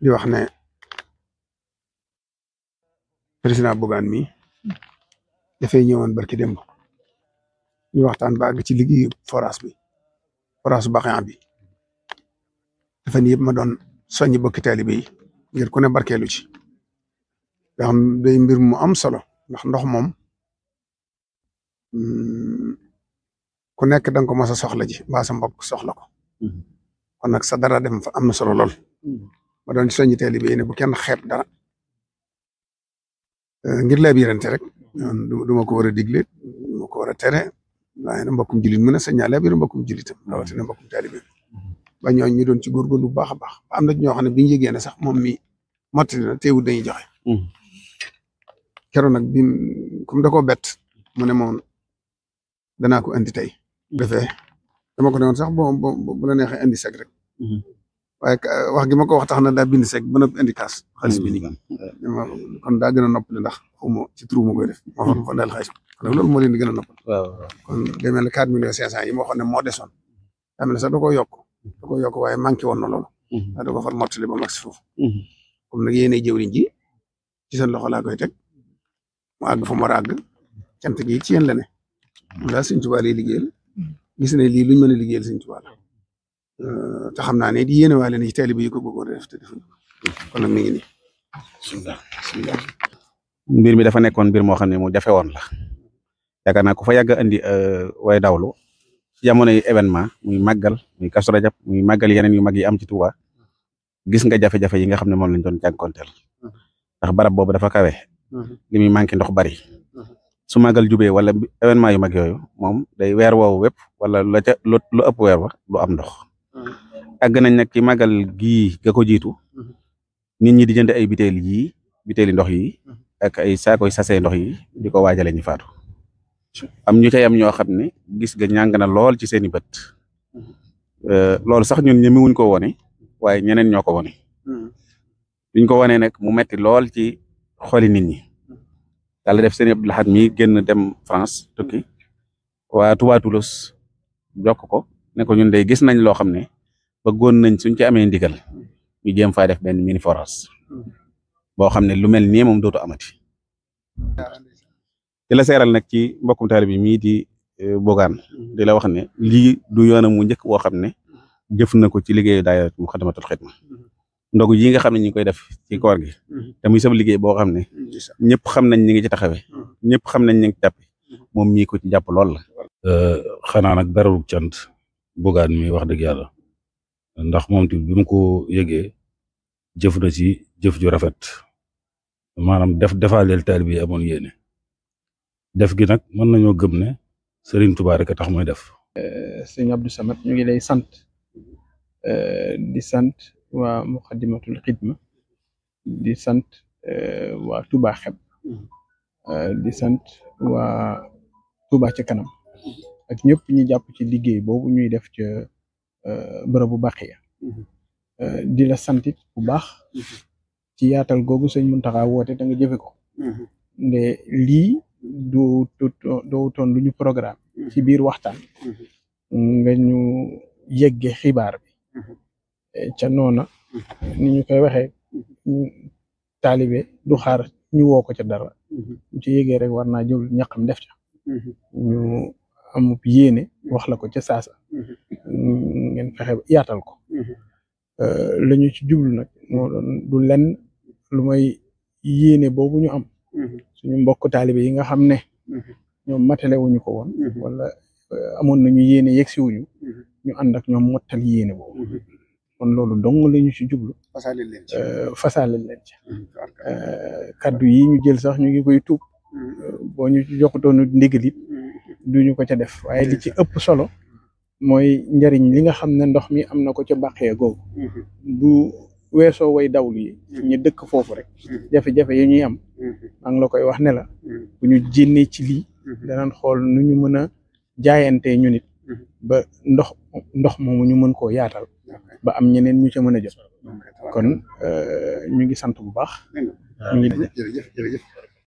di wax ne président Bougane mi dafay ñëwoon barki démb ñu waxtaan ba àgg ci liggéeyu forage bi forage Baxiyan bi dafa ni yëpp ma doon soññi bokki taalibe yi ngir ku ne barkeelu ci nga mbir mu am solo ndax ndox moom mm, ku nekk danga ko mos a soxla ji mbaa sa mbokk soxla ko mm-hmm. kon nag sa dara dem am na solo lool mm-hmm. ma doon soññi taalibe yi ne bu kenn xeeb dara euh, ngir laa biirante rek du ko war a digle du ma ko war a tere waaye nag mbokkum julit mën a saññaa laa biir mbokkum julitam rawatina mbokkum taalibe ba ñooñu ñu doon ci góorgóorlu bu baax a baax am na ñoo xam ne bi ñu yëgee sax moom mi mottali na teewul dañuy joxe. Hmm. keroog nag bi comme da koo bett mu ne moom danaa ko andi tey. Hmm. defee dama ko ne woon sax bo bu la neexee andi sag wa wax gi ma ko wax tax na daa bind seeg ba noppi indi kaas xaalis bi nii mm-hmm. kon daa gën a noppali ndax xaw ma ci turu ma koy def ma waxoon ko daal xaalis bi a kon day mel ne quatre millions cinq ne moo daa mel ne sax da koo yokk da koo yokk waaye manqué woon na mm-hmm. ba max foofu mm-hmm. comme nag yéenay ci seen loxo koy teg mu àgg fa mu àgg cant gi ci yéen la ne laa Sëñ Tuubaa lay liggéeyal gis ne lii luñ mën a liggéeyal te xam naa ne di yéene waale ne ci taalibe te defuñu mbir mi dafa nekkoon mbir moo xam ne mu jafe woon la yaakaar naa ku fa yàgg a andi euh, way dawlu ci jamono yi événement muy màggal muy Kazu Rajab muy màggal yeneen yu mag yi am ci Touba gis nga jafe-jafe yi nga xam ne moom lañ doon jànkonteel ndax barab boobu dafa kawe mhm. li muy manqué ndox bari mhm. su màggal jubee wala événement yu mag yooyu moom day weer woowu wépp wala la ca lu ëpp lu am ndox àgg nañ nag ci màggal gii ga ko jiitu mhm. nit ñi di ay bitéel yii bitéeli ndox yi mhm. ak ay saakoy sasee ndox yi di ko waajale ñu faatu am ñu cay ñoo xam ne gis ga ñàng na lool ci seeni bët mhm. euh, loolu sax ñun ñemi wuñ ko wone waaye ñeneen ñoo ko wone duñ ko wonee nag mu metti lool ci xooli nit ñi yàlla def sëñ Abdou mi génn dem France tukki waa Touba Toulouse jokk ko ne ko ñun day gis nañ loo xam ne bëggoon nañ suñ ci amee ndigal ñu jéem faa def benn mini forage boo xam ne lu mel nii moom dootu amati di la seeral nag ci mbokkum taali bi mii di e, bogaan di la wax ne lii du yoonam mu njëkk woo xam ne jëf na ko ci liggéeyu daayira Muxaddamatul Xidma ndog yi nga xam ne ñi ngi koy def ci koor gi te muy liggéey boo xam ne ñëpp xam nañ ñi ngi ci taxawe ñëpp xam nañ ñi ngi ci jàppe moom mii ko ci jàpp lool la e, xanaa nag dara cant bugaan mi wax dëgg yàlla ndax moom tamit bi mu ko yëgee jëf si ci jëf ju rafet maanaam def defaaleel taalibe bi amoon yéene def gi nag mën nañoo gëm ne Serigne Touba rek tax muy def. Eh, sëñ Abdou Samad ñu ngi lay sant eh, di sant waa Muqaddimatul Xidma eh, hmm. di sant waa Touba Xeb di sant waa Touba ci kanam. ak ñëpp ñu jàpp ci liggéey boobu ñuy def ca euh, bërëbu Baxiya mm-hmm. euh, di la santit bu baax mm-hmm. ci yaatal googu sëñ Muntaxa woote da nga jëfe ko mm-hmm. nde lii dootoon lu ñu programme ci biir waxtaan nga ñu yegge xibaar bi e, ca noona ni ñu koy waxee taalibe du xaar ñu woo ko ca dara ñu ci yégee rek war naa jël ñaqam def ca amub yéene wax la ko ca saasa mm-hmm. ngeen fexe yaatal ko mm-hmm. euh, la ñu ci jublu nag moo doon du lenn lu may yéene boobu ñu am mm-hmm. suñu mbokk taalibe yi nga xam ne ñoom matale wuñu ko woon wala euh, amoon nañu yéene yegsi wuñu ñu ànd ak ñoom mottal yéene boobu kon loolu dong la ñu ci jublu fasaale leen ci euh, fasaale kaddu yi jël sax ñu ngi koy tuub boo ñu joxutoonu ndigal it du ñu ko ca def waaye li ci ëpp solo mooy njëriñ li nga xam ne ndox mi am na ko ca bàqee googu mm-hmm. bu weeso woy dawlu yi mm-hmm. ñu dëkk foofu rek mm-hmm. jafe-jafe yi ñuy am maa la koy wax ne la bu ñu jénnee ci lii danañ xool nu ñu mën a jaayante ñu nit ba ndox ndox moomu ñu mën koo yaatal ba am ñeneen ñu ca mën a jot kon euh, ñu ngi sant bu baax ñu ngi jërëjëf jërëjëf